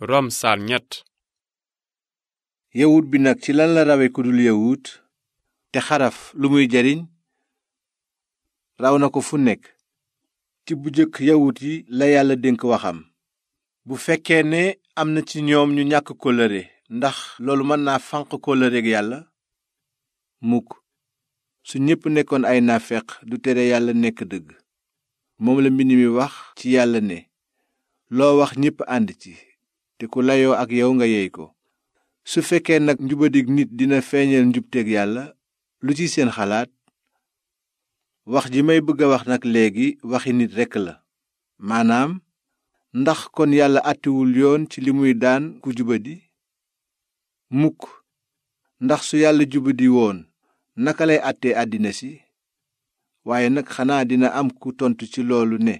rom saar ñett yawut bi nag ci lan la rawe ku dul yawut te xaraf lu muy jariñ raw na ko fu nekk ci bu jëkk yawut yi la yàlla dénk waxam bu fekkee ne am na ci ñoom ñu ñàkk kóllëre ndax loolu mën naa fànq kóllëreeg yàlla mukk su ñépp nekkoon ay naafeq du tere yàlla nekk dëgg moom la mbind mi wax ci yàlla ne loo wax ñépp ànd ci te ku layoo ak yow nga yey ko su fekkee nag njubadig nit dina feeñal njubteeg yàlla lu ci seen xalaat wax ji may bëgg a wax nag léegi waxi nit rekk la maanaam ndax kon yàlla àttiwul yoon ci li muy daan ku jubadi mukk ndax su yàlla jubadi woon naka lay àttee àddina si waaye nag xanaa dina am ku tontu ci loolu ne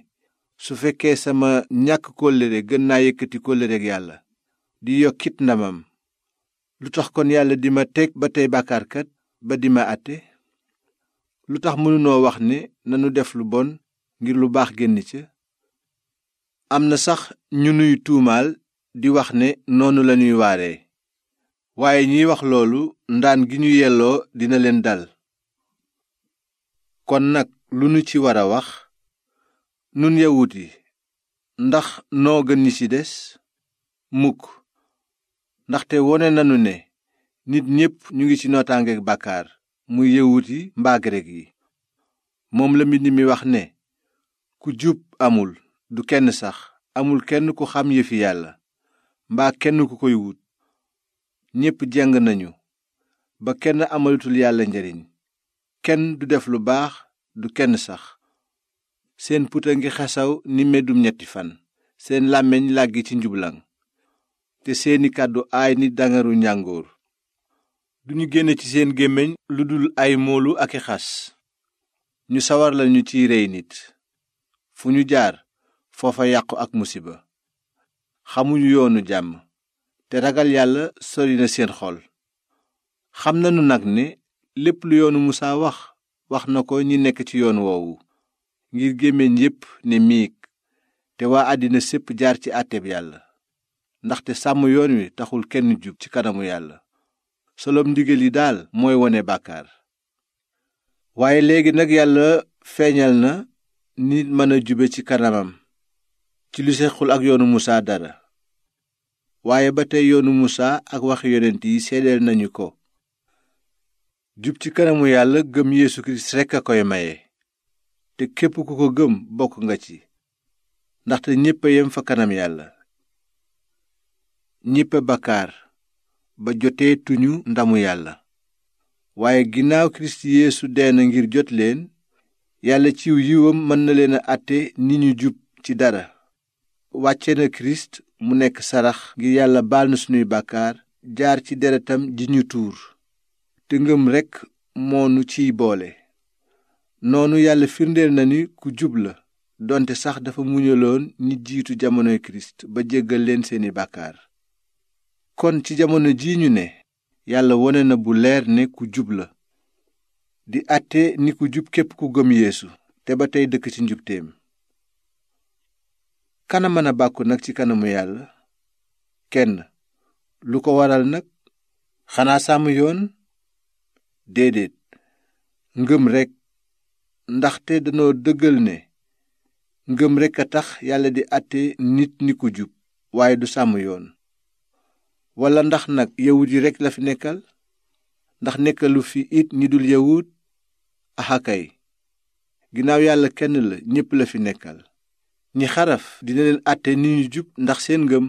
su fekkee sama ñàkk kóllëre gën naa yëkkati kóllëreg yàlla di yokkit ndamam lu tax kon yàlla di ma teg ba tey bàkkaarkat ba di ma àtte lu tax mënunoo wax ne nanu def lu bon ngir lu baax génn ca am na sax ñu nuy tuumaal di wax ne noonu lañuy waare waaye ñiy wax loolu ndaan gi ñu yelloo dina leen dal kon nag lu nu ci war a wax nun yawut yi ndax noo gën ñi ci des mukk ndaxte wone nanu ne nit ñépp ñu ngi ci nootaangeeg bàkkaar muy yawut yi mbaa grek yi moom la mbind mi wax ne ku jub amul du kenn sax amul kenn ku xam yëfi yàlla mbaa kenn ku koy wut ñépp jeng nañu ba kenn amalatul yàlla njariñ kenn du def lu baax du kenn sax seen puta ngi xasaw ni meddum ñetti fan seen làmmiñ làggi ci njublaŋ te seeni kàddu aay ni dangaru njàngoor duñu génn ci seen gémmiñ lu dul ay moolu ak i xas ñu sawar lañu ci rey nit fu ñu jaar foofa yàqu ak musiba xamuñu yoonu jàmm te ragal yàlla sori na seen xol xam nanu nag ne lépp lu yoonu musaa wax wax na ko ñi nekk ci yoon woowu ngir gémmiñ yépp ne miig te waa àddina sépp jaar ci àtteb yàlla ndaxte sàmm yoon wi taxul kenn jub ci kanamu yàlla solom ndigal yi daal mooy wone bàkkaar waaye léegi nag yàlla feeñal na nit mën a jube ci kanamam ci lu sexul ak yoonu musaa dara waaye ba tey yoonu musaa ak waxi yonent yi seedeel nañu ko jub ci kanamu yàlla gëm yeesu kirist rekk a koy maye te képp ku ko gëm bokk nga ci ndaxte ñépp yem fa kanam yàlla ñépp a bakkaar ba joteetuñu ndamu yàlla waaye ginnaaw kirist yéesu dee na ngir jot leen yàlla ciw yiwam mën na leen a àtte ni ñu jub ci dara wàcce na kirist mu nekk sarax ngir yàlla baal na sunuy bàkkaar jaar ci deretam ji ñu tuur te ngëm rekk moonu ciy boole noonu yàlla firndeel na ni ku jub la donte sax dafa muñaloon ñi jiitu jamonoy kirist ba jéggal leen seeni bàkkaar kon ci jamono ji ñu ne yàlla wone na bu leer ne ku jub la di àtte ni ku jub képp ku gëm yéesu te ba tey dëkk ci njubteem kana mën bàkku nag ci kanamu yàlla kenn lu ko waral nag xanaa sàmm yoon déedéet ngëm rekk ndaxte danoo dëggal ne ngëm rekk a tax yàlla di àtte nit ni ku jub waaye du sàmm yoon walla ndax nag yawut yi rekk la fi nekkal ndax nekkalu fi it ñi dul yawut axakay ginnaaw yàlla kenn la ñépp la fi nekkal ñi xaraf dina leen àtte ni ñu jub ndax seen ngëm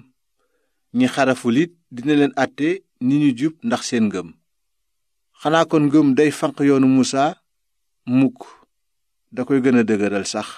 ñi xaraful it dina leen àtte ni ñu jub ndax seen ngëm xanaa kon ngëm day fanq yoonu Musaa mukk da koy gën a dëgëral sax